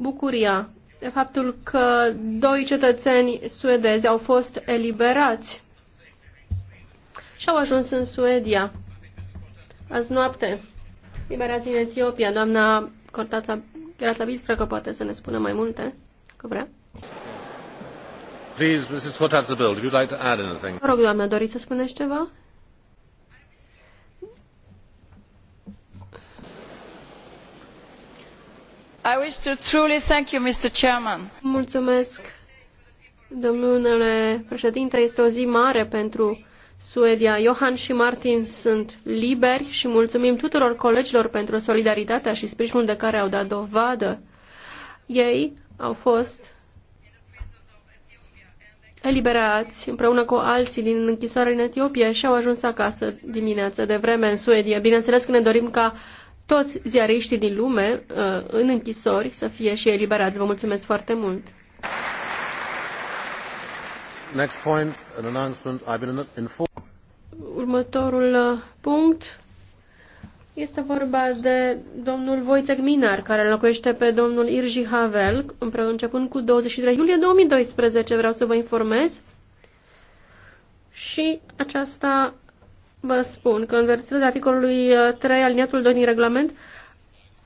bucuria de faptul că doi cetățeni suedezi au fost eliberați și au ajuns în Suedia azi noapte. Liberați în Etiopia, doamna Cortața Grațabil, cred că poate să ne spună mai multe, că vrea. Please, Mrs. Cortața Bill, would you like to add anything? Vă rog, doamna, doriți să spuneți ceva? I wish to truly thank you, Mr. Chairman. Mulțumesc, domnule președinte. Este o zi mare pentru Suedia. Johan și Martin sunt liberi și mulțumim tuturor colegilor pentru solidaritatea și sprijinul de care au dat dovadă. Ei au fost eliberați împreună cu alții din închisoare în Etiopia și au ajuns acasă dimineața de vreme în Suedia. Bineînțeles că ne dorim ca toți ziariștii din lume uh, în închisori să fie și eliberați. Vă mulțumesc foarte mult! Next point, an announcement. I've been Următorul uh, punct este vorba de domnul Wojtek Minar, care înlocuiește pe domnul Irji Havel, începând cu 23 iulie 2012, vreau să vă informez. Și aceasta vă spun că în vertirea articolului 3 al 2 din regulament,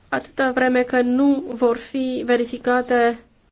atâta vreme că nu vor fi verificate